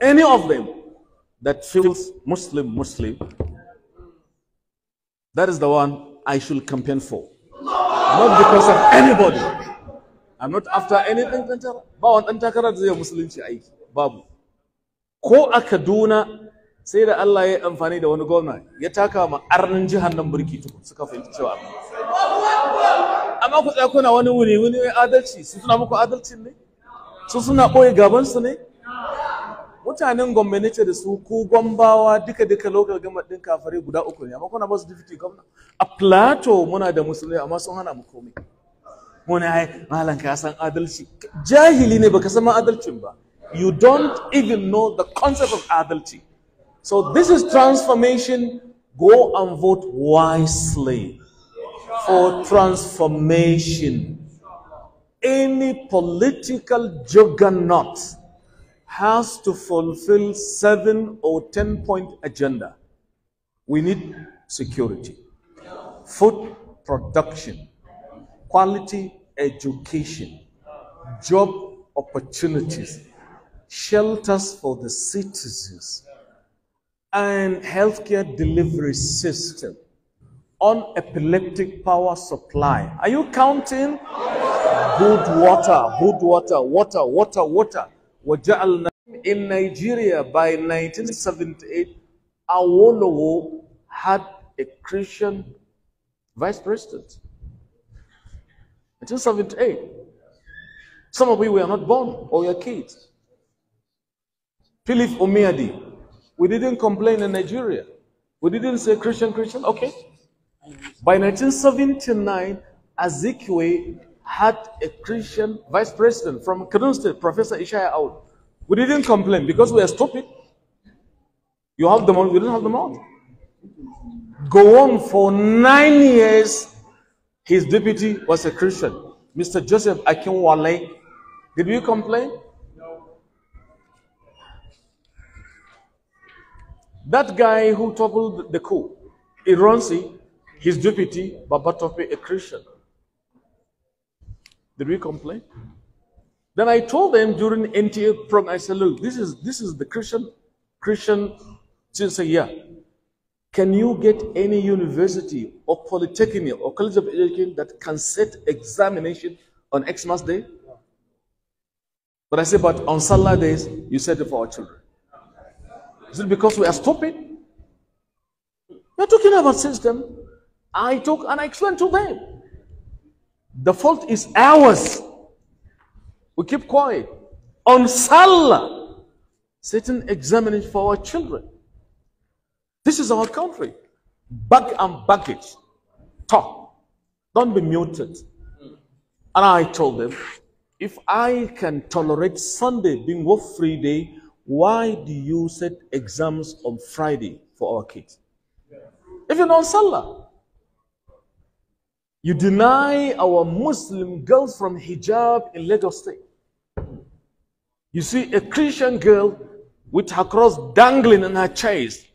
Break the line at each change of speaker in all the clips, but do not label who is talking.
any of them that feels Muslim, Muslim, that is the one I should campaign for. Not because of anybody. I'm not after any ɗan takara. Ba wani ɗan takarar da zai musulunci aiki. Babu. Ko a Kaduna sai da Allah ya amfani da wani gwamna ya taka ma arnin jihar nan burki tukun suka fahimci cewa amma ku tsaya kuna wani wuni wuni mai adalci su suna muku adalcin ne su suna ɓoye gabansu ne mutanen da su ko gwambawa duka duka local government din kafare guda uku ne amma kuna ba su deputy a plato muna da musulmi amma sun hana mu komai muna ai ka san adalci jahili ne baka san adalcin ba you don't even know the concept of adalci so this is transformation go and vote wisely for transformation any political juggernaut has to fulfill seven or ten point agenda. We need security, food production, quality education, job opportunities, shelters for the citizens, and healthcare delivery system on epileptic power supply. Are you counting? Good water, good water, water, water, water. وجعلنا in Nigeria by 1978, Awolowo had a Christian vice president. 1978. Some of you were not born or your kids. Philip Omiadi. We didn't complain in Nigeria. We didn't say Christian, Christian. Okay. By 1979, Ezekiel had a Christian vice president from Kaduna State, Professor Ishaya out. We didn't complain because we are stupid. You have the money, we don't have the money. Go on for nine years. His deputy was a Christian, Mr. Joseph Akinwale. Did we complain? No. That guy who toppled the coup, Ironsi, his deputy, Babatope, a Christian. Did we complain? Then I told them during NTA program, I said, look, this is this is the Christian Christian students say, yeah. Can you get any university or polytechnic or college of education that can set examination on Xmas Day? But I said, but on days you set it for our children. Is it because we are stupid? You're talking about system. I talk and I explain to them. The fault is ours. We keep quiet. On Salah, Satan examining for our children. This is our country. Bag and baggage. Talk. Don't be muted. And I told them, if I can tolerate Sunday being work free day, why do you set exams on Friday for our kids? Even on Salah. You deny our Muslim girls from hijab in Lagos State. You see a Christian girl with her cross dangling in her chest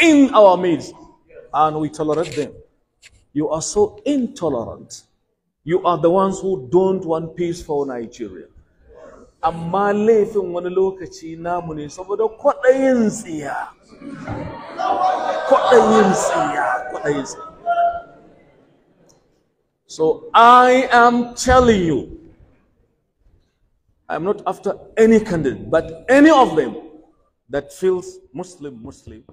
in our midst, and we tolerate them. You are so intolerant. You are the ones who don't want peace for Nigeria. Amma laifin wani lokaci namu ne saboda kwaɗayin tsiya. Kwaɗayin tsiya, kwaɗayin tsiya. So I am telling you, I'm not after any candidate, but any of them that feels Muslim, Muslim,